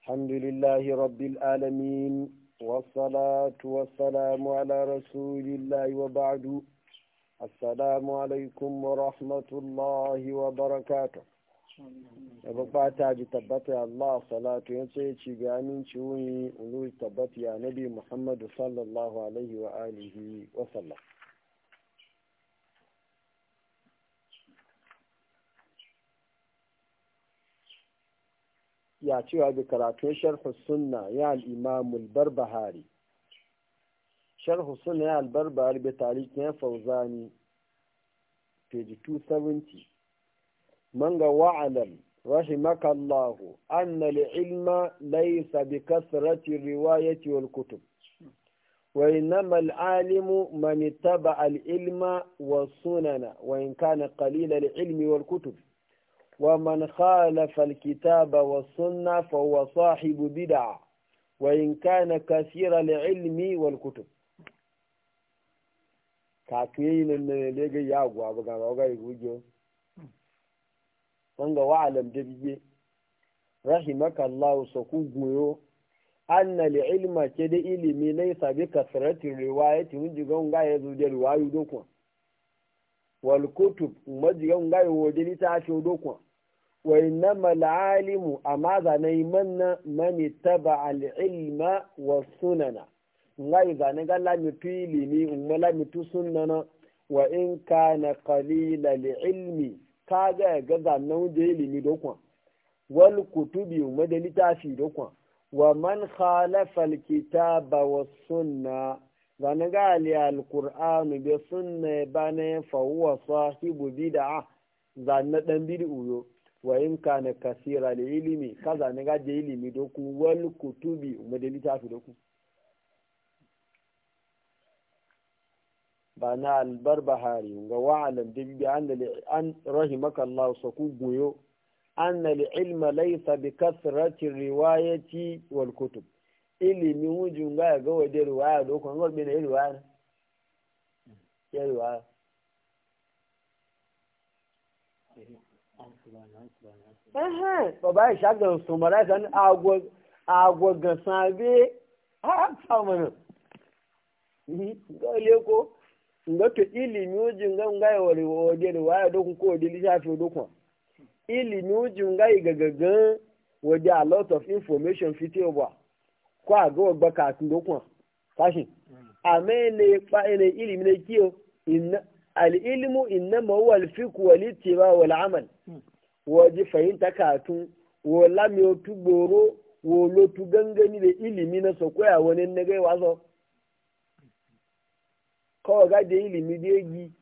الحمد لله رب العالمين والصلاة والسلام على رسول الله وبعد السلام عليكم ورحمة الله وبركاته ji tabbata Allah salatu ya ya Nabi Muhammadu ya cewa da karatun sharhu sunna ya al'imamul barbahari sharhu sunna ya albarbahari bai tarikin ya fauzani page 270 man ga wa'alam rahimakallahu anna ilma laisa bi kasrati riwayati wal kutub وإنما العالم من اتبع العلم والسنن وإن كان قليل العلم والكتب ومن خالف الكتاب والسنة فهو صاحب بدع وإن كان كثير العلم والكتب kakiyin ne ne ga yagwa ba ga ga gujo wanga wa alam dabiye rahimaka Allah so ku goyo anna li ilma ke da ilimi laysa bi kasrati riwayati mun ji gon ga yazo da riwayu dokwa wal kutub mun ji gon ga yawo da litafi dokwa wa innama al'alimu amma zanai manna mani taba al'ilma wa sunana ngai zane ga lami tu ilimi umma lami tu sunana wa in kana qalila li'ilmi ka ga ga zanen da ilimi dokwan wal kutubi umma da litafi dokwan wa man khalafa alkitaba wa sunna zane ga ali alqur'anu bi sunna bane fa huwa sahibu bid'a zane dan bid'u yo wa in kana kasira li ilimi kaza ne ga je ilimi doku wal kutubi madali ta doku bana albar bahari ga wa'alam da bi an an rahimaka Allah sa ku goyo an al ilma laysa bi kasrati riwayati wal kutub ilimi wujun ga ga wajen riwaya doku an gobe ne riwaya ya riwaya bàbá ìṣàgàn sọmọlá ìṣàn àgọgànsán abẹ àfàmọnà ga leko nga to ilimi ujin ga nga yawari wa wajen wa ya dokun ko wajen lissafi dokun ilimi ujin ga igagagan wajen a lot of information fito ba ko a ga wagba kafin dokun fashin amma ne pa ne ilimi ne kiyo inna al ilmu innama huwa al fiqh wal ittiba wal amal waji fahimta katun wo lami otu gboro wo lotu gangani da ilimi na sokoya wani na gai ka kawai ga da ilimi da yi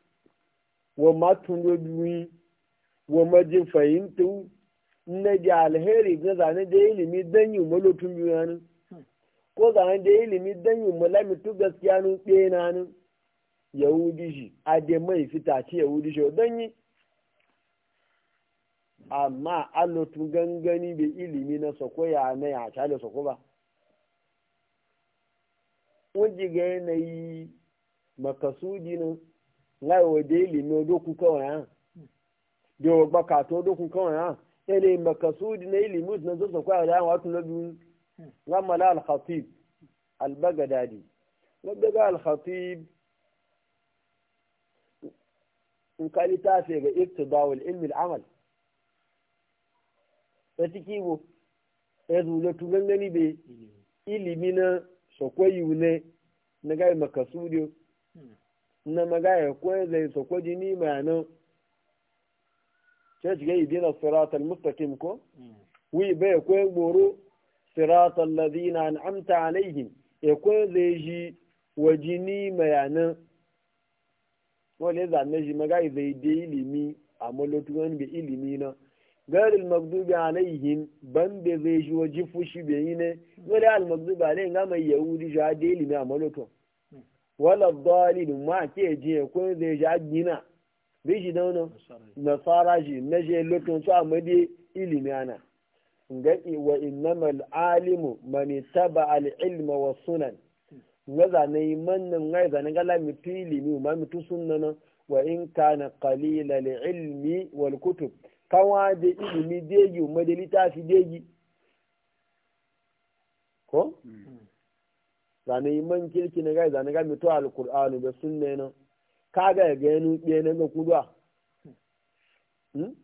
wa matun robiwi wa majin fahimta na alheri ga zane da ilimi don yi malotun biyu ko zane da ilimi don yi malamitu gaskiya nun tsenanin yahudi shi a da mai fita ce yahudi shi don amma allotu gangani bai ilimi na sako ya na ya ta da sako ba wajen ga yanayi makasudi na ngai waje ilimi doku kawai ha da wagba to doku kawai ha yanayi makasudi na ilimi na zo sako ya da watu na biyu gamala al-khatib albaga dadi wadda ga al-khatib in ka littafi ga iktidawul ilmi al-amal wata kiwo ya zuje tu gangani be hmm. ilimi na sokwayi ne na gai makasudiyo hmm. na magaya ko zai sokwaji ni ma nan sai shiga idina siratal mustaqim ko hmm. wi be ko gboro siratal ladina an'amta alaihim e ko zai ji wajini ma yana wale zanne ji magai zai de ilimi amma lotu wani be ilimi na غير المغضوب عليهم بند زي جو جفش بينه غير المغضوب عليهم غير يهودي جادي لما ملوتو ولا الضالين ما كيجي يكون زي جادينا بيجي دونو نصارى جي نجي لوتون سوى مدي إلي ميانا نجي وإنما العالم من تبع العلم والسنن نذا نيمن نغيزا نغلا متيلي ميو ما متو سننا وإن كان قليل العلم والكتب kawa da ilimi deji umar da littafi deji ko? Hmm. zane yi man kirki na gai zane gami to alkur'anu da sunne na kaga ya ga yanu ɗaya na ga kuduwa hmm?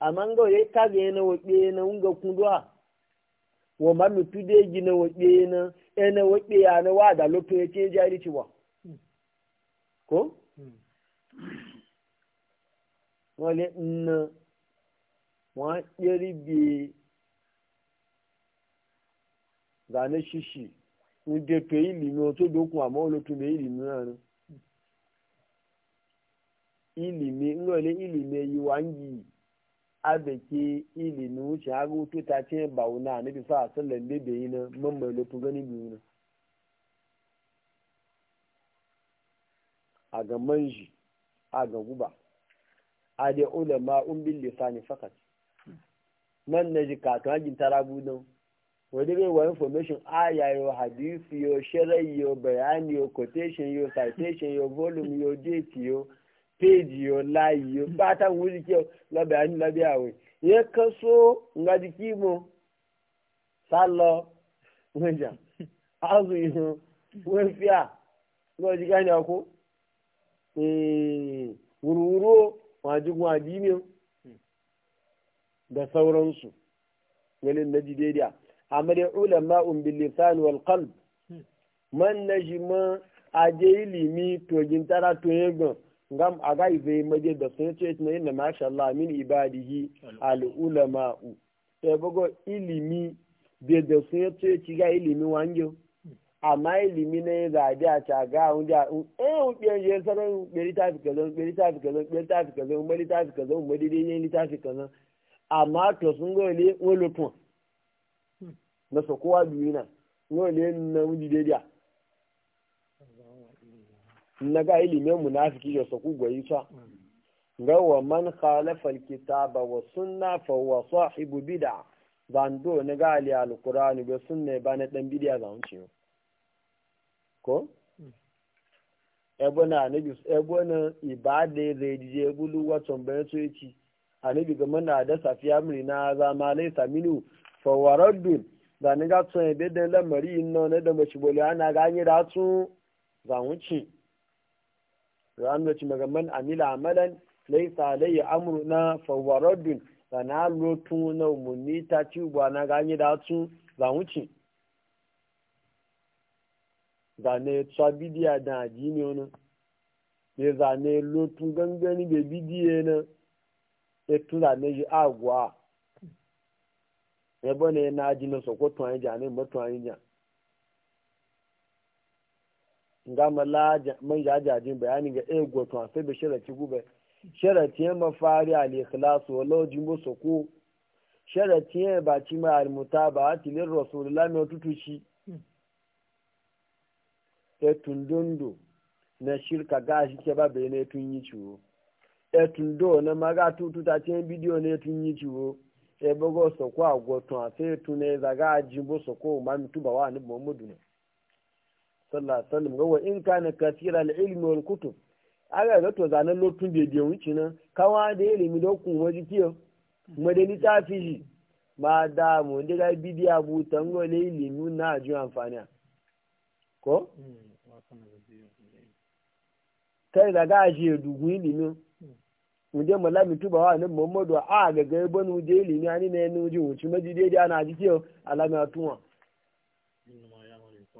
amma ga ya kaga yana wa ɗaya na ga kuduwa wa ma mutu deji na wa ɗaya na yana e wa ɗaya na wa da lope ya ce jari ciwa hmm. ko? wale nna wọn á yẹ́rí zane ṣíṣì ní dètò ìlì mi tó dókun àmọ́ olótú mi ìlì mi náà ni ìlì mi ńlọ ní ìlì mi èyí wá ń yìí abèké ìlì mi ń ṣe tó ta tí ń bàwọ̀ náà níbi fáà sọlẹ̀ lédè yìí náà mọ́mọ́ olótú gan níbi yìí náà. àgàn àgàn gúbà ni man na ji katon hajjin tarabu don wadda bai wa information aya yo hadisi yo shirai yo bayani yo quotation yo citation yo volume yo date yo page yo layi yo bata wuri kyau na bayani na biyawe ya kaso jiki salo wajen azu yi wọn fi a lọ ji gani ako wuru wuro wọn da sauransu wani na ji amma dai ulama un bil lisan wal qalb hmm. man najma aje ilimi to gintara to yego ngam aga ibe maje da sai ce ne inna masha Allah min ibadihi al ulama e bogo ilimi de da sai ce ci ga ilimi wanjo hmm. amma ilimi ne ga da ta ga unja eh u biyan je sanan berita fi kazan berita fi kazan berita fi kazan berita fi kazo kazan ta fi kazo amma to sun ga wale wani tun na sokowa kowa biyu na wale na wuli daidai na ga ilimin munafiki da saku gwayi sa ga wa man khalafa alkitaba wa sunna fa huwa sahibu bid'a zando na ga ali alqur'ani ga sunna ba na dan bid'a zan ce ko ebona na ebona ibade zai je bulu waton bayan so yaci anabi ga muna da safiya muri na zama laisa minu fawaraddun zanen ga tun ebe da lamari ino na da mace bole ana ganye da tun zanwuci ran da ci magaman amila amalan laisa alayya amruna na sana lotun na umarni ta ci ubuwa na ganye da tun zanwuci zane tsa bidiya da aji ne wani ne zane lotun gangani da bidiye na etuza meji agwa ebe na na aji na sokwo tun anyị ji anị mgbe tun anyị ja nga mala manja ajajin bayani ga ego tun a sai bai ti gube shirati a mafari al-ikhlasu wala jimbo soko shirati ba ci ma al-mutaba atilin rasulullah mai tutuci etun dondo na shirka gashi ke ba bai na tun yi ciwo etun do na maga ta bidiyo ne e tun yi ciwo soko a gotun a sai tun e jimbo soko ma mutu wa annabi ne sallallahu alaihi wasallam ga in kana wal kutub aga ga to zanan lotun nan kawa da ilimi da ku waji kiyo ma da mu ga bidiya muje mu lami tuba wa nan muhammadu a ga ga ban muje limi ani ne nu ji wuci maji dai da ana jike alama tuwa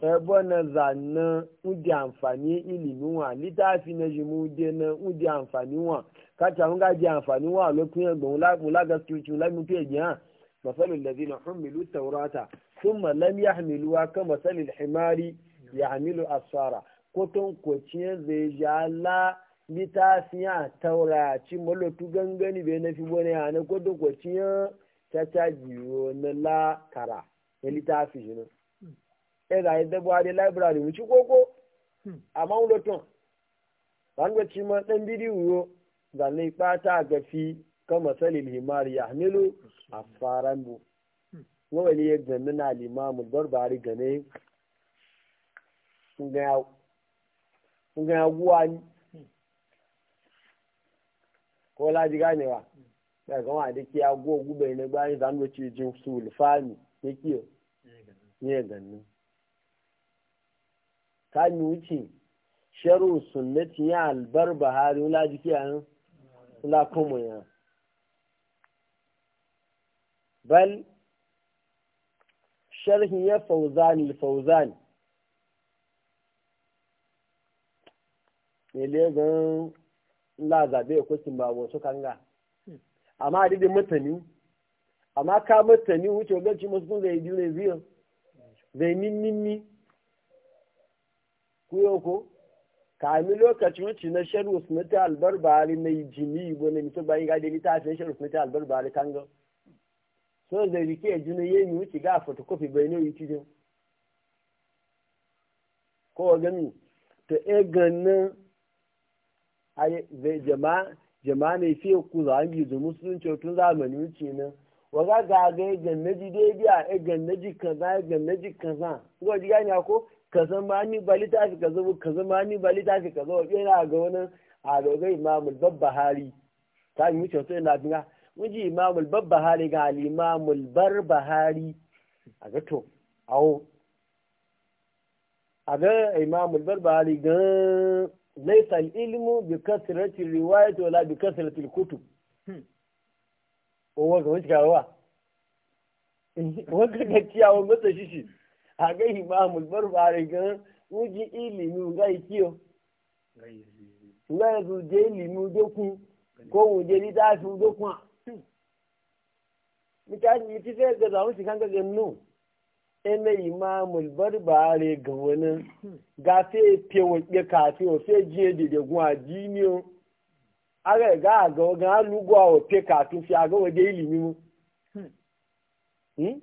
e eh, bona zanna udi amfani ilimi wa litafi na ji mu de na udi amfani wa ka ta mun ga ji amfani wa lokun egbon la mu la ga tuci la mu pe ji ha masalul ladina humilu tawrata thumma lam yahmiluha kama salil himari yahmilu asfara koton kociyen zai ja la litafiya tauraci malotu gangani bai na fi wani a na duk waciyar ta ta jiyo na latara ya litafi shi nan eh, ya zai da buhari library mu ci koko hmm. a maulotun rangaci ma dan bidiyo zane ɓata gafi kama salil himari ya hamilu a faran bu hmm. wani ya gani na limamul barbari gane sun ga yaguwa ni ko laji ganewa da ga wa dake ya go gube ne ni zan wuce jin sul fami yake ne ganin ka ni wuce sharu sunnati ya albar bahari laji an la kuma ya bal sharhi ya li fawzan ne legan la zabe ko kin ba wasu kanga amma adidin mutane amma ka mutane wuce gaci musu zai biyu ne biyu zai ninnini kuyo ko kami lokaci wuce na sharu usmita albarbari mai jini bo ne mito bayan gade littafin sharu usmita albarbari kanga so zai rike jini yayin wuce ga fotokofi bai ne wuce cikin ko gani to e ganin jama'a jama'a ne fiye ku za a gizo musulunci tun zamani wuce nan waga ga ga gannaji daidai a ya gannaji kaza ya gannaji kaza kuka ji gani ko kaza ma ni ba littafi kaza bu kaza ma ni ba littafi kaza wajen yana ga wani a dogon imamul babba hari ta yi wuce sai na biya muji imamul babba hari ga alimamul bar bahari a ga to awo a ga imamul bar bahari gan laisa ilmu bi kasrati riwayat wala bi kasrati kutub o waga wuce gawa waga gaskiya wa masa shishi a ga imamul barbare ga wuji ilimi ga kiyo ga yanzu je ilimi ga ku ko wuje ni ta su ga ku mutane ti sai ga zamu shigan ga gannu ene imamul barbare ga wani ga sai pewa ke kafi o sai jiye dede gun adini o aga ga ga ga lugwa o pe kafi fi aga wa de ilimi mu hmm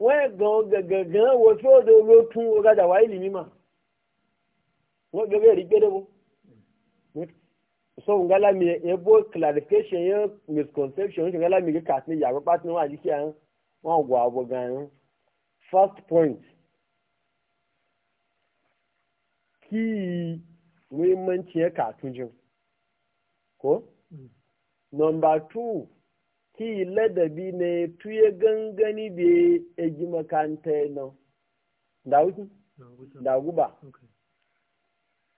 wọn ga ga ga wo so do lo tun o ga da wa ilimi ma wọn ga ga ri gbe debo hmm? so ngala mi ebo clarification yo misconception ngala mi ga kafi ya ba pat no wa ji ki an wọn gwa bo gan first point ki muhimmanci ya katujin ko mm. number two ki ladabi ne tuye gangani be eji makanta na da wuce da guba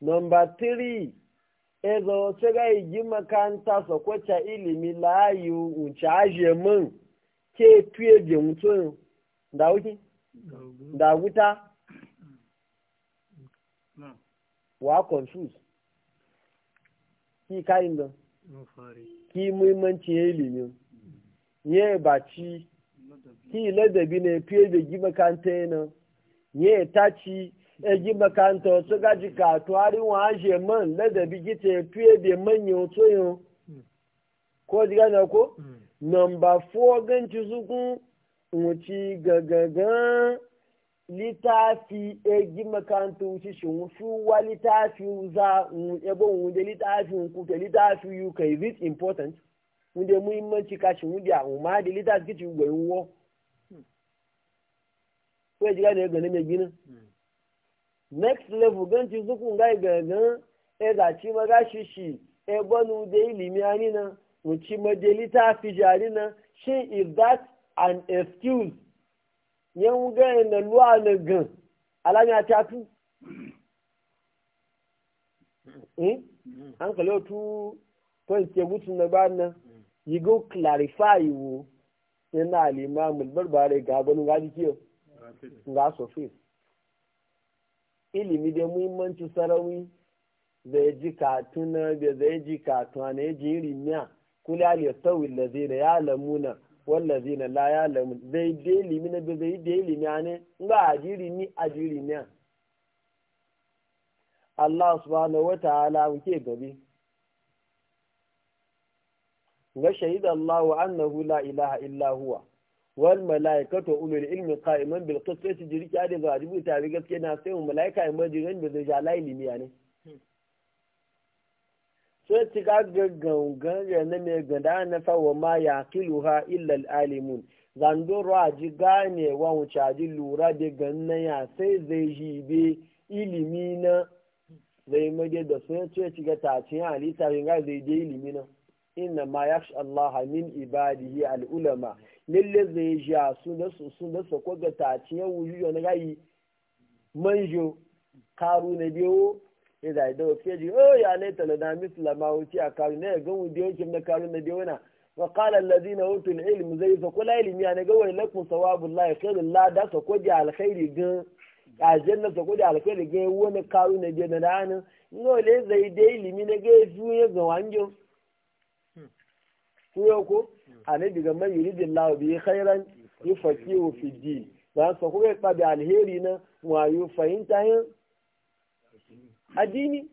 number three ezo sega eji makanta sokwacha ilimi layu unchaje mun ke tuye je mutum da wuce da wuta wa confuse ki kayin don ki muhimmanci ya ilimin ya baci ki ladabi na fiye da gi kanta yana ya taci ya gi makanta wasu gaji ka tuwari wa ashe man ladabi gita fiye da manyan tsoyon hmm. ko jiga na ko hmm. number four ganci sukun wuci gagagan littafi egi makarantu shi shi wufu wa littafi za ebo wunde littafi kuke littafi you can is it important wunde muhimmanci kashi wunde a umma da littafi kici gwai wo ko ji gane gane mai gina next level ganci zukun gai gagagan e zaci maga shi shi ebo nu da ilimi anina wuci maje littafi jarina shi if that an excuse yan gaya na luwa na gan alamiya ta tu hankali eh? otu ton ke gutun na ba nan yi go clarify wo yana mulbar ba ga gabanin gaji kiyo ga sofi ilimi da muhimmanci sarawi ya ji katuna da ya ji katuna na ya ji rimiya kula alistawi da zai da ya lamuna wallazi na la ya lamu zai de limi na zai de limi ne nga ajiri ni ajiri ne Allah subhanahu wata'ala ta'ala muke gabi ga shahida Allah wa annahu la ilaha illa huwa wal malaikatu ulul ilmi qa'iman bil qisti jirki ade za a rubuta bi gaskiya na sai mu malaika imma jiran da zai ja la limi ne sai ci ga gangan ya na mai gada na fawa ma ya kiluha illal alimun zandoro a ji gane wa wuce a ji lura da ganna ya sai zai ji be ilimi na zai mage da sai ce ci ga tacin halitta ga zai je ilimi na inna ma ya Allah min ibadihi al'ulama lalle zai ji a su da su da su kwaga tacin yawon yi yana gayi manjo karu na biyo Oh, ya zai da wasu ji o ya ne na da misla ma wuce a karu ne ga wudi yake na karu na biyu na wa qala allazina utul ilm zai fa kula ilmi ya ne ga wai lakum sawabul lahi khairul la da sa ko alkhairi ga aljanna sa ko da alkhairi ga wani karu na biyu na dana no le zai da ilmi na ga su ya ga wanjo ku yo ko anabi ga man yuridillahu bi khairan yufaqihu fi din ba sa ko ga alheri na wayo fahimta yin addini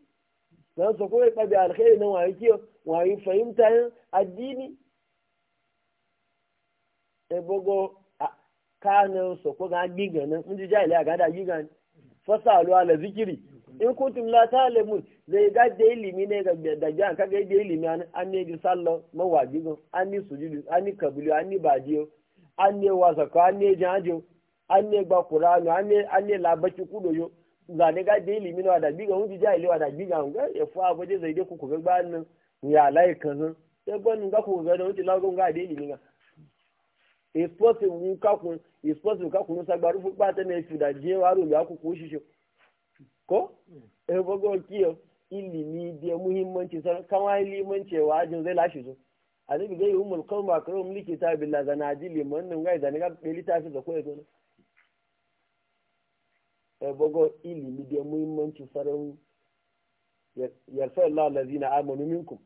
na su kuma ɗabi alkhairi na wayo kiyo wayo fahimta yin addini e bogo kanin su ko ga giga nan in ji jahiliya ga da giga aluwa ala zikiri in kuntum la ta'lamun zai ga da ilimi ne ga da jan ka ga da ilimi an ne ji sallo mawajigo an ni sujudu an ni kabilu an ni bajiyo an ne wasaka an ne jajo an ne gba qur'ani an ne an ne labaki yo zane ga da ilimi na wada biga hunji ja ile wada biga hunga ya fu abu je zaide ku kuga ba nan ya lai kan sai gwanin ga e ku ga da hunji lawo ga da ilimi ga is possible mu ka ku e ka sa gbaru fu ba ta ne fi da je waru ya ku ku shi ko e bogo kiyo ilimi da muhimmanci sa kama ilimanci wa ajin zai lashi su a zai ga yi umul qawma karum likita billahi zanajili mun nan ga da ne ga littafi da koyo ebogo ilimi da muhimmanci sarari yarfa Allah lazina amanu minkum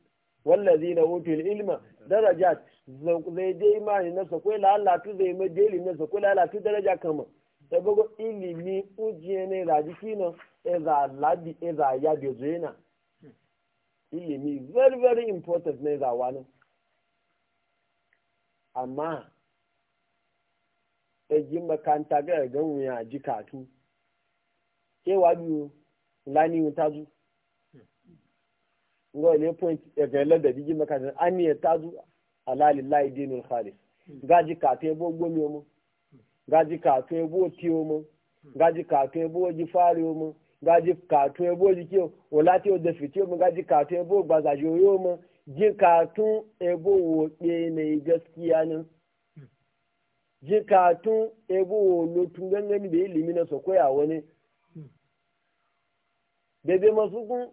wallazina utul ilma darajat zai je imani na sakwai lalatu zai mai je ilimi na sakwai lalatu daraja kama ebogo ilimi ujiye ne radiki na eza labi eza ya bezuena ilimi very very important na eza wani amma ejin makanta ga ganwu ya ji katu ṣé wàá o ńlá ní ihun tájú ngọ́ ilé point ẹ̀fẹ̀ lọ́dẹ̀ jíjí mẹ́ka ní a ní ẹ̀ tájú aláàlélá ìdí inú ìkàlẹ̀ gájí kàtó ẹbú gbómi ọmọ gájí kàtó ẹbú òtí ọmọ gájí kàtó ẹbú òjì fáàrí ọmọ gájí kàtó ẹbú òjì kí o láti ọdẹ fìtí ọmọ gájí kàtó ẹbú ògbàzàjì orí ọmọ jí kàtó ẹbú wò pé ní gaskiya náà. jikatun ebo wo lotun gangan da ilimi na wani daidai masu kun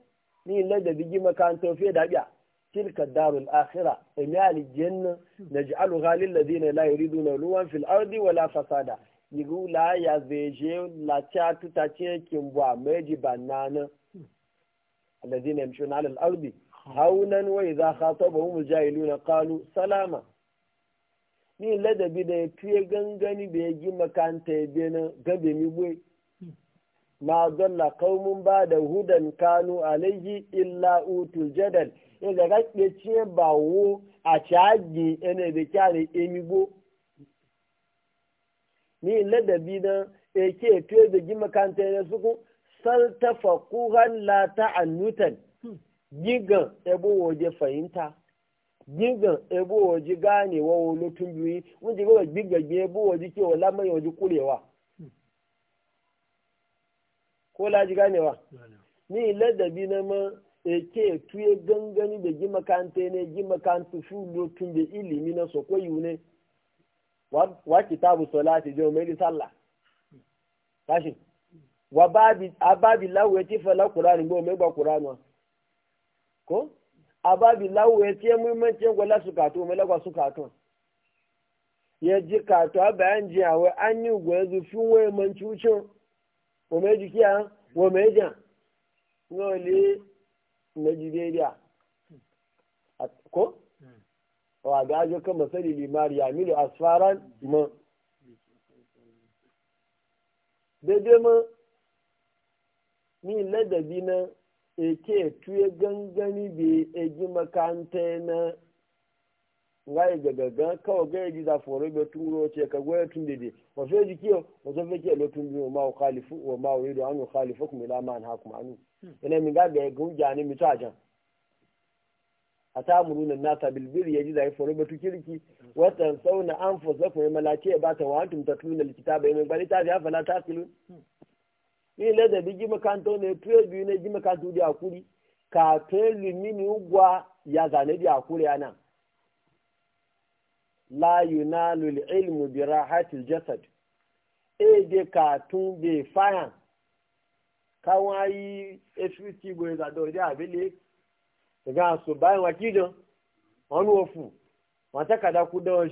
ni la da bigi makantar fiye da biya tilka darul akhira ina aljanna naj'alu ghalil ladina la yuriduna ulwan fil ardi wala fasada yigu la ya zeje la chatu ta ce kin meji banana ladina yamshuna ala al ardi hawnan wa idha khatabahum jahiluna qalu salama ni ladabi da fiye gangani da yigi bi bena gabe mi gwe ma dalla mun ba da hudan kanu alaihi illa utul jadal in e da gaske ce bawo a caji ene be kyale emigo ni ladabi na eke to da gi makanta e ne suku sal tafaquhan la ta'annutan gigan ebo woje fahimta gigan ebo woje ganewa wo lutun biyu wanda ga gigan ebo waje ke wala mai waje kurewa ko laji ganewa ni ladabi na ma eke tuye gangani da ji makanta ne ji makanta su lokacin da ilimi na so koyi ne wa kitabu salati jo mai sallah tashi wa babi ababi lawo ti fala qur'ani bo mai ba qur'ani ko ababi lawo ti muhimmanci ko la suka to mai la suka to ya ji ka to bayan ji awe an ezu gwezu fi waye mancucin wọ́n méjì kí à ń wọ́n méjì à wọ́n lé méjì déédé à kó wà gájọ́ kan masali limari ya milo mọ́ déédé mọ́ ní ladabi na eke tuye gangani bai e egi makaranta na ngai daga gan kawo ga yaji za foro be turo ce ka goya tun dede wa fe ji kiyo wa so fe kiyo lotun bi ma khalifu wa ma uridu an khalifukum ila ma anhaakum anu ina hmm. mi ga ga gun jani mi ta jan atamuruna nasa bil birri yaji za foro be tu kirki hmm. wa tansawna anfusakum malaki ba ta wa antum tatluna al kitaba ina bari ta ya fala ta kilu hmm. ni le da bigi makanto ne tuwe biyu ne ji makanto di akuri ka tuwe limini ugwa ya zane di akuri anan la yunalu ilmu bi rahatil jasad e de ka tun be faya káwọn ayé esu ti gbòòrò ìgbàdo ọdẹ àbílẹ e ga àṣọ báyìí wọn kí jọ wọn ka da wọn tẹkàdá kú dán na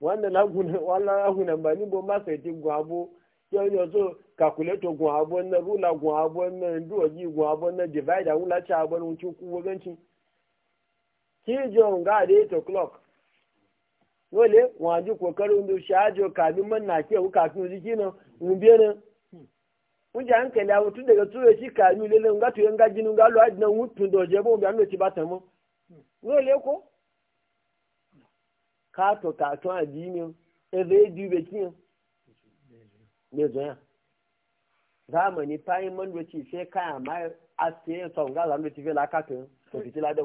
wọn nana wọn lára hùn nàmbà níbo má fẹ ti gùn abó tí wọn yọ sọ kàkúlẹtọ gùn abó ná rúlà gùn abó ná ndúwọjì wale wọn kokarin da shi ajo kabi man na ke kafin jiki nan mun biye na. mun nkele a mutum daga tuyo e kabi lele e nga tuyo nga jinu nga luwa jinan mutum da waje ba ko ka to ka to a ji ne ebe ya dube kiyan kaya ma a sai son la ka to fitila da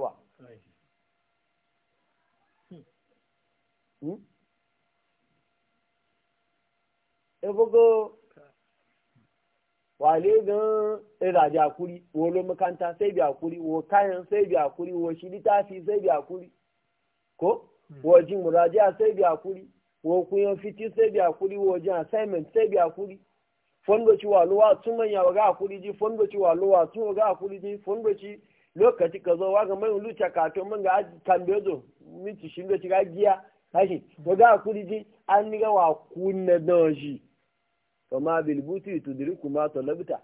Hmm? ebogo wale gan iraje e akuri wo lo makanta sai bi akuri wo kayan sai bi akuri wo shi litafi sai bi akuri ko hmm. wo jin muraja bi akuri wo kuyan fiti sai bi akuri wo jin assignment sai bi akuri fondo ci wa lo wa tun manya wa ga akuri ji fondo ci wa lo wa tun wa ga akuri ji fondo ci lokaci ka zo wa ga mai lucha ka to mun ga tambezo minti shi ga giya kashi daga kuri ji an ni gawa kunna don shi kama bilbuti to diri kuma to labita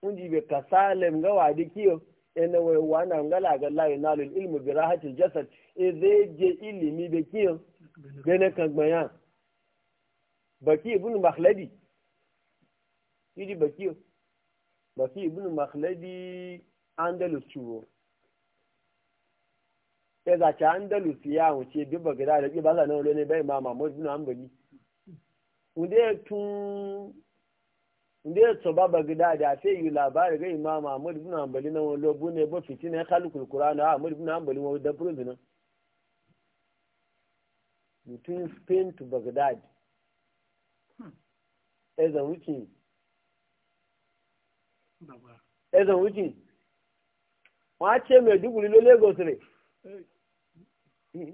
kun ji be kasalem gawa dikiyo ina wai wana ngala ga la yanalu ilmu bi rahatil jasad idhe je ilimi be kiyo bene kan gbaya baki ibn makhladi yidi baki baki ibn makhladi andalus chuwo ya zaci andalus ya wuce bi ba gida da ba za na wani bai ma bin hanbali inda tun inda ya ba gida da sai yi labari ga imam mahmud bin hanbali na wani lobu ne ba fitina ya kalukul kurana a mahmud bin hanbali wani da prison between spain to baghdad hmm. ezan wuce ezan wuce wọ́n á tiẹ̀ mẹ́ẹ̀ẹ́dúgbò lagos rẹ̀. Hmm?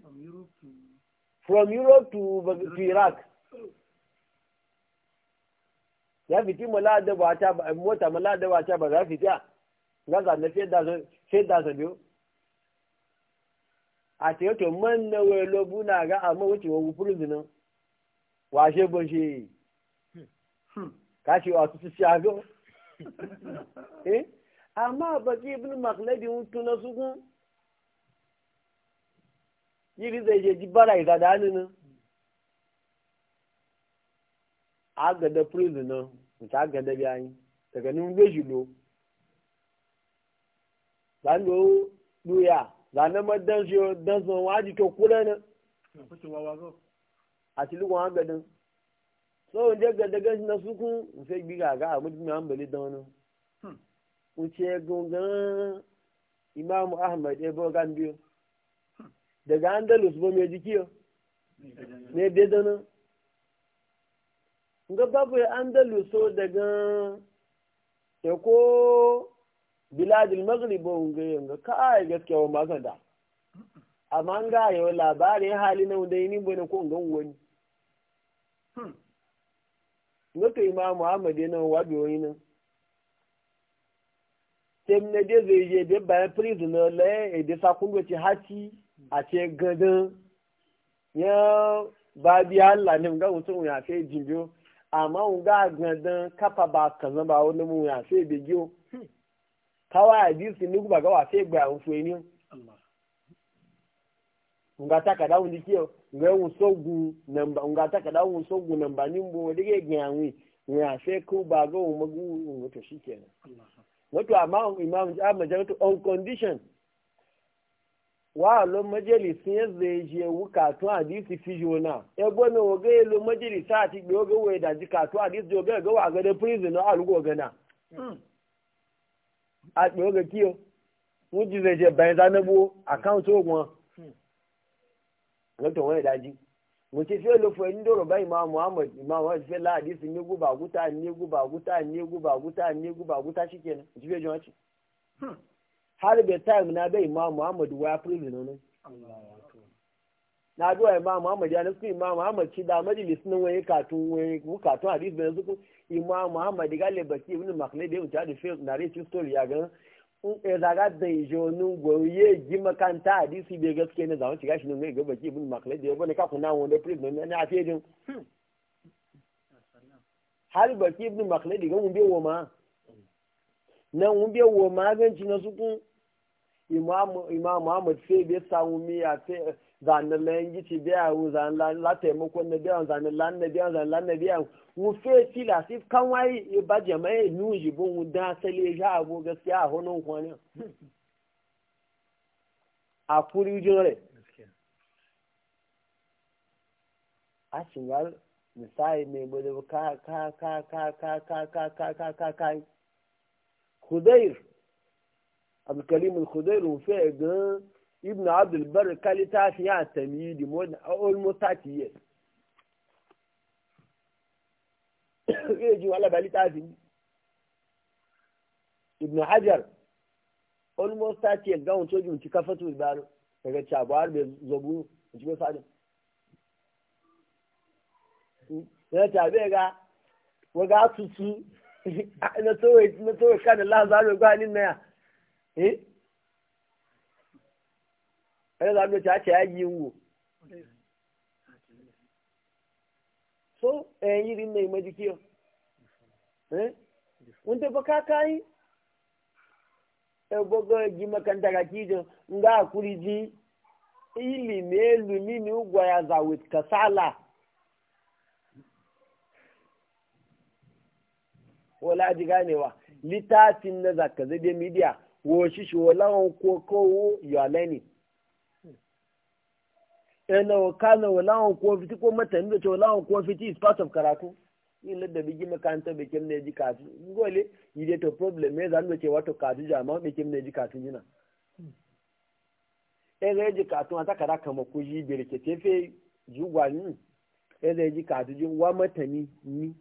from Europe to, to Iraq. Ya fiti mala da wata mota mala da wata ba za fita. Ga za na fiye da biyu. A ce to man na wai lobu na ga amma wuce wa gufuru zinin. Washe ban hmm. Ka ce wasu su shago. Eh? Amma baki ibn Makhladi hutu na yiri zai je ji bara iza da hannun agada prison nan mutu agada biyayi daga nun beji lo zan do duya zan ma dan shi dan son waji to kura na a tilukun agadin so in je ga daga na suku in sai gbiga ga a mutum ya ambali da wani in hmm. ce gungan imam ahmad ebe ogan biyu daga andalus ba mai jikiyo mai bedana ga babu ya andalus daga ya biladil maghrib on ga yanga kai gaskiya wa masa da amma an hali na wanda yini bane ko ngan wani Nwoke Imam Muhammad yana na a ce gadon ya ba biya Allah ne ga mutum ya fe jibiyo amma mu ga gadon kafa ba kaza ba wani mu ya fe bigiyo hmm. kawai a biyu su nugu ba ga wa fe gba un fe ni un ga taka wani kiyo ga un sogu namba un ga taka da sogu namba ni mbo dige gyanwi ya fe ku ba ga un magu un shi kenan wato amma imam Ahmad on condition wa lo majalisi ya zai je wukatu hadisi fijo na e gona wo ga lo majalisa ati gbe oge we da ji katu hadisi jo ga ga wa ga da prison no na hmm. a gbe oge kiyo mu ji zai je bayan za na bu account lọ́tọ̀ wọ́n ìdájí mo ti fẹ́ lo fún ẹni dọ̀rọ̀ báyìí máa muhammed máa wọ́n ti fẹ́ láàdí ní ni har bai time na bai imamu Muhammadu wa prison nan na zuwa imam Muhammad ya nufi imam Muhammad ci da majalis nan wani katun wani katun hadis bai zuku imam Muhammad ga lebaki ibn Makhlid da wuta da fiqh na rich story ya ga in e zaga da jonu goye ji makanta hadisi bai gaske ne zaman shiga shi ne ga baki ibn Makhlid da bane ka kuna wanda prison ne na fiye din har baki ibn Makhlid ga mun bai wa ma nan mun biya wa maganci na sukun imamu ahmad sai bai samu miya sai zanen lan gici biya wu zanen lan na biya zanen lan na biya zanen lan na biya wu fe fila kan ba jama'a nu da sale ya abu gaskiya a honon kwani a kuri jore a shingar misali mai bude ka ka ka ka ka ka ka ka khudair abdulkarim al-khudair rufe uh, uh, ga hajar almost 30 years gawon na tsoye na tsoye ka da laha zaro ga halin naya eh ai za mu ta ce yaji wo so eh yirin ne mai jikiyo eh wanda ba ka kai e eh, bogo ji makanta ga kijo nga akuri ji ili melu mini ugwa ya za with kasala wala ji ganewa littafin na zaka zabe media wo shi shi wala won ko ko yalani ina wa kana wala won ko fiti ko mata inda ce wala ko fiti is part of karatu in da bigi makanta be ne gole to problem me zan ce wato be ne e ata kama ku birke tefe e wa ni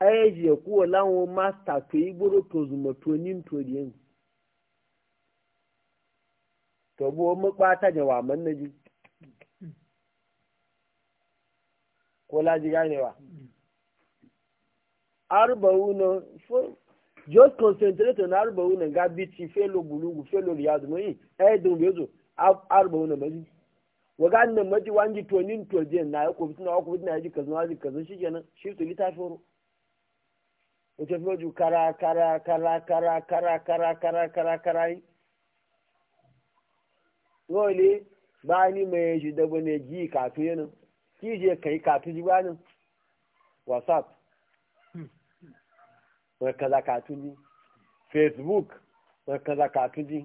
ayeji ya kuwa lawon masta to yi buru to zuma to nin to yin to bu mu kwata ne wa man naji ko laji ganewa arba'una just concentrate on arba'una ga biti felo bulugu felo riyadu mai ayyadun bezo arba'una maji waga nan maji wanji to nin to jen na ko ko na ko bitina na ji kazo ya ji kazo kenan shi to litafi ojú fi ojú kara kara kara kara kara kara kara kara kara yi wọn ò lè bá a ní mọ̀ ẹ̀jú dẹ́gbọ́n ní ẹ̀jí ìkàtú yẹn nù kí ìjẹ kàn ìkàtú jí wá nù whatsapp wọn kàn lá kàtú jí facebook wọn kàn lá kàtú jí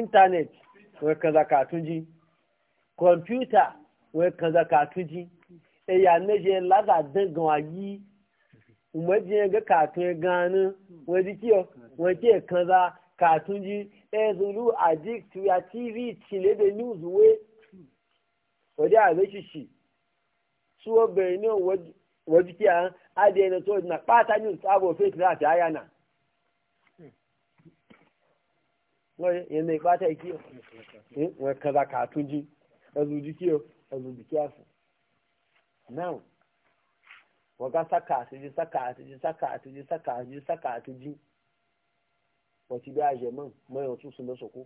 internet wọn kàn lá kàtú jí computer wọ́n kàn lá kàtú jí ẹ̀yà mẹjẹ ládàá dẹgàn ayé. umarjiyar ga katun ya gani wani kiyo wani kaza katun ji ɗaya eh, zulu a dik tuya tv cile da news we wani ah, a zai shi shi suwa benin wani kiya adiyar na to na ɓata news abu fake za ta haya na yana e kiyo wani kaza katun ji a zuji kiyo a zuji now wọ́gá sáka àtijí sáka àtijí sáka àtijí sáka àtijí sáka àtijí wọ́n ti bí àjẹ́ mọ́ mọ́yàn su sun lọ́sọ̀kú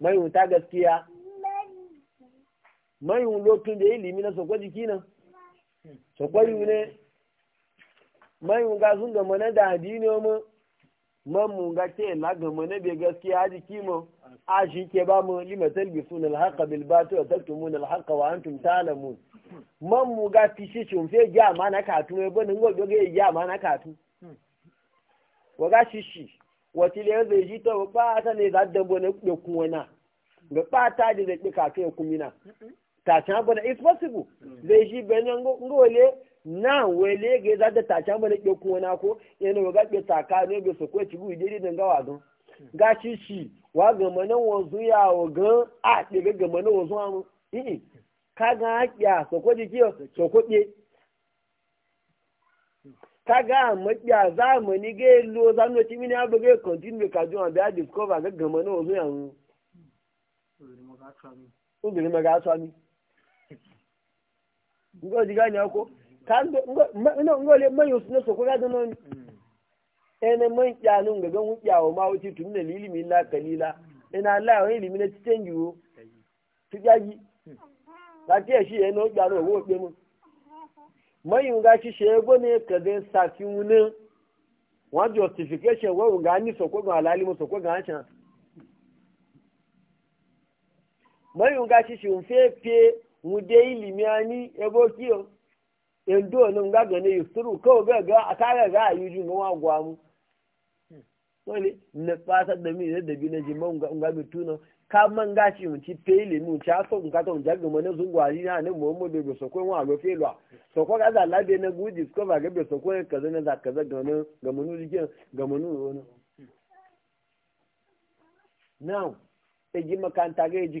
mọ́yàn tá gaskiya mọ́yàn ló tún dé ìlìmí náà sọ̀kọ́ jìkí náà sọ̀kọ́ yìí ne mọ́yàn ga sun gama na da ne ọmọ. mamu ga ce na gama na bai gaskiya haji kimo a shi ke ba mu lima talbi suna alhaka bilbatu wa talbi mun alhaka wa antum talamun mamu ga fishi cunfe ya ma na katu mai e bani gobe ga ya ma na katu wa ga shi shi wata le zai ji ta ba ta ne za ta dabo na kuwa na ga ba ta da zai katu ya e kumina tacin abu na it's possible mm. zai shi benin ngole na wele ga za da tacin abu ke kuma na ko yana ga ke taka ne mm. ga su ko wa ga mana ya wa ga a ɗiga ga mana i'i ka ga haƙiya soko jiki soko ɗe ka ga lo abu continue ka da discover ga mm. ga mana wozu ya ngoji gani ako kando ngo ngole mayu suno so ko ga dono hmm. ene man kyanu ga gan wuyawo ma wuci tun da lilimi la kalila ina la wa ilimi na cikin yiwo tu jaji ba shi e no owo pe mu mayu ga shi she go ne ka wuna wa justification wa ni so ga so ga ga shi shi un fe mude ilimi ani ebo kiyo endo no nga gane yusuru ga ga akaga ga yuju no agwa mu wani na fata da mi da bi na ji ma nga bi tuno ka man ga mu ci pe so nga to jaga mo ne na ne mo mo be so ko wa lo fe lo so ko ga na good ga so ko ka zan za ka za ga no ga nu ga mu nu no now e ji makanta ga e ji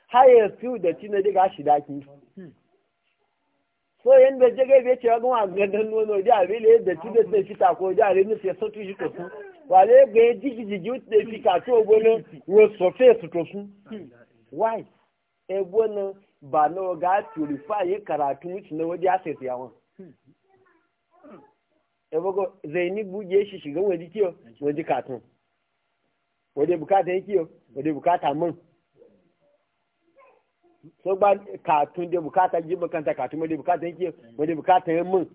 haya su da ci na diga shi daki so yanda jaga bai cewa gama gandan nono da abin da da ci da sai fita ko da rin sai so tu shi ko su wale ga jigi jigi ut da fika to gono wo su to su why e gono ba no ga purify karatu mutu na waje sai sai yawan e bogo zaini buje shi shiga waje kiyo waje katun waje bukata yake waje bukata mun so ba katun de bukata ji bukata katun mai bukata yake mai bukata yin mun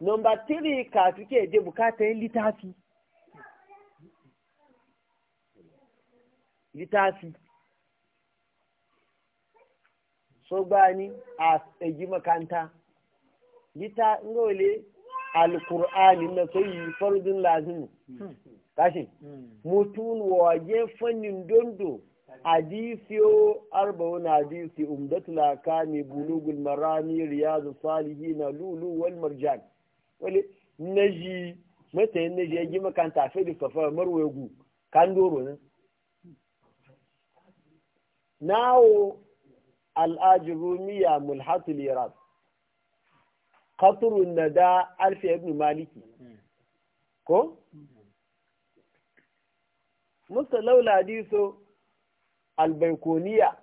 number 3 katu ke da bukata yin litafi litafi so ba ni a tsayi makanta lita ngole alkur'ani na soyi fardun lazim hmm. kashi hmm. mutun waje fannin dondo hadisi arba'un hadisi umdatul akami bulugul marami riyadu salihin lulu wal marjan wale naji mata yin naji yaji makanta fe da safa marwegu kan doro ne nawo al'ajirumiya mulhatul iraq qatrun nada alfi maliki ko albaikoniya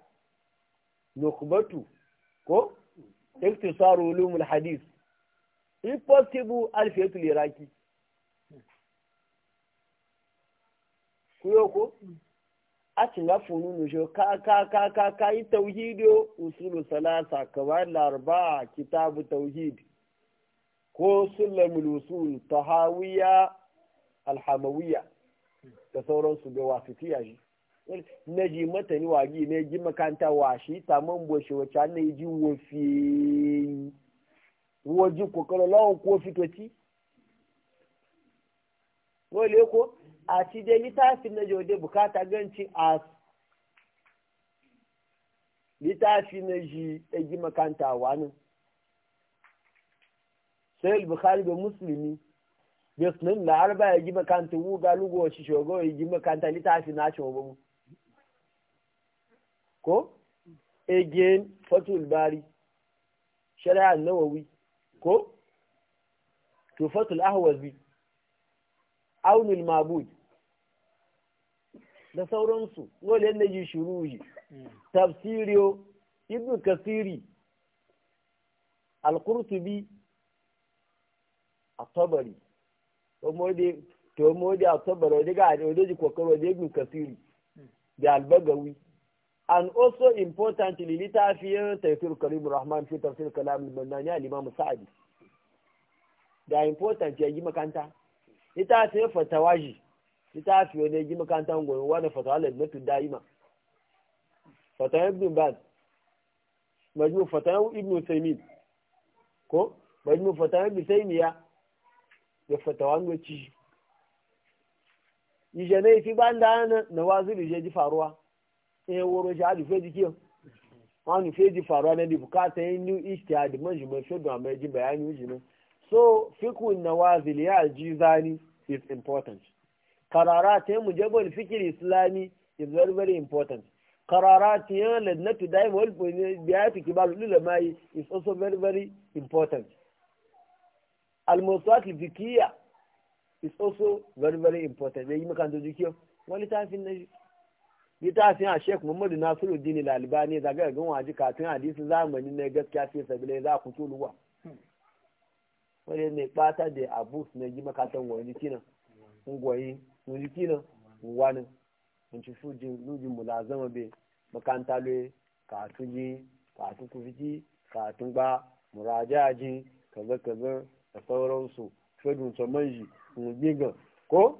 nukbatu ko iktisaru ulumul hadis impossible alfiyatul iraki kuyoko a cinga funu nushe ka ka ka ka ka yi tauhido usulu salasa kamar larba kitabu tauhid ko sulamul usul tahawiya alhamawiya da sauransu da wasitiya shi na ji mata ni wagi ne ji makanta wa shi ta man boshe wacce na yi ji wofi waji kokoro lawon ko fitoci wale ko a ci dai litafi na jode bukata ganci a litafi na ji a e ji makanta wa nan sai bukhari da musulmi bisnin da arba ya e ji makanta wuga lugo shi shogo ya e ji makanta litafi na shi wa ko Egen fatul bari shari'a nawawi ko to fatul ahwazi aunul mabud da sauransu wale yadda yi shuruji tafsiriyo ibn kasiri al-qurtubi at-tabari to modi at-tabari daga odoji kokoro da ibn kasiri da al-bagawi and also importantly littafin tafsir karim rahman fi tafsir kalam al-bandani al-imam sa'di da important ya yi makanta littafin fatawaji littafin ne yi makanta goyon wani fatawa lajnatu da'ima fatawa ibn baz majmu fatawa ibn taymiyyah ko majmu fatawa ibn taymiyyah da fatawa ngoci yi ne fi banda na waziru je ji faruwa sai woro shi hadu feji kiyo wani feji faruwa na di bukata yin new east ya di manji mai fedu a mai ji bayani wuce so fikun na wazil ya ji zani is important karara ta yin mujabal fikir islami is very very important karara ta yin ladnatu daim wal biya fi kibaru lulamai is also very very important almosat fikiya is also very very important da yi makantar jikiyo wani tafin na shi ta littafin a sheik muhammadu nasiru dini lalibani zagaya gan waji katin hadisin zamani na gaskiya fi sabila za ku so luwa wani mai bata da abu na yi makatan wani jiki nan ngwayi wani jiki nan wani in ci sujin lujin mulazama bai makanta lo katun ji katun kufiji katun ba murajaji kaza kaza da sauransu fedun samanji ngbigan ko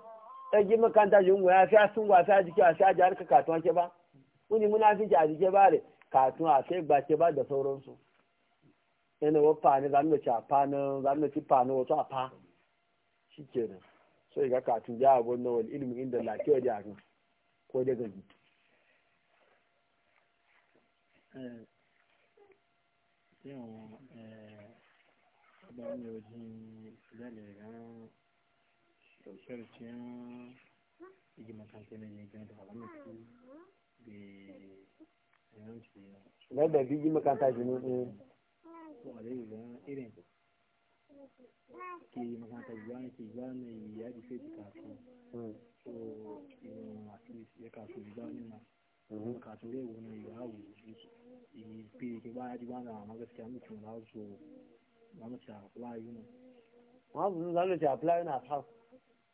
ɗage makanta shi ngwa ya fiya sun gwasa a jike a jihar ka katuwa ke ba wani munafinci a jike ba ne katuwa sai ba ke ba da sauransu yana wa fani za mu ci a fani za wasu a fa shi ke nan so ga katun ya abu na wani ilimin inda lafiya eh, eh, da yakin ko da Sosiyal cikin igiman kanta ne gina da halamaki da da da bi igiman shi ne eh. ne to a zai irin ke makanta zuwa ke zuwa na ya di sai kasu hmm. so irin eh, masu ya kasu zuwa ne na hmm. kasu zai wani ya hau ipi eh, ke ba ya ji ba na magaskiya mutum na su ba mu ci apply yi ne. Wọ́n bu ní sáré ti apply na house.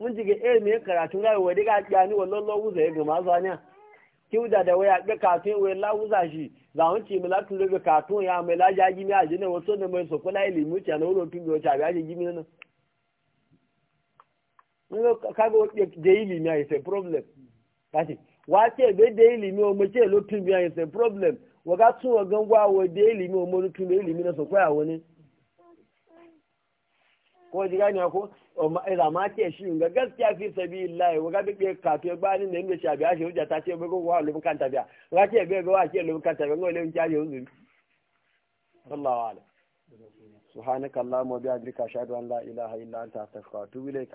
mun ji ga ilmi ya karatu ga wadi ga kyani wallan wuza ya gama zaniya kiu da da waya ga katun wai lawuza shi za mun ci mila tun daga katun ya mai laja gimi a jina wato da mai so kula ilimi ci na wurin tun biyo ta ga gimi nan mun ga kaga da ilimi ya sai problem kace wa ce be da ilimi o mu ce lo tun biyo ya sai problem wa ga tun wa gangwa wa da ilimi o mu tun da ilimi na so koya wani ko ji gani ko ma ce shi ga gaskiya fi sabi lahi wa gabi ke kafe bani ne inda shabiya shi hujja ta ce bai gogo wa lubu kan tafiya ga ce bai gogo ke lubu kan tafiya ga wani kyaje huzuri Allahu ala subhanaka allahumma bihamdika ashhadu an la ilaha illa anta astaghfiruka wa atubu ilayka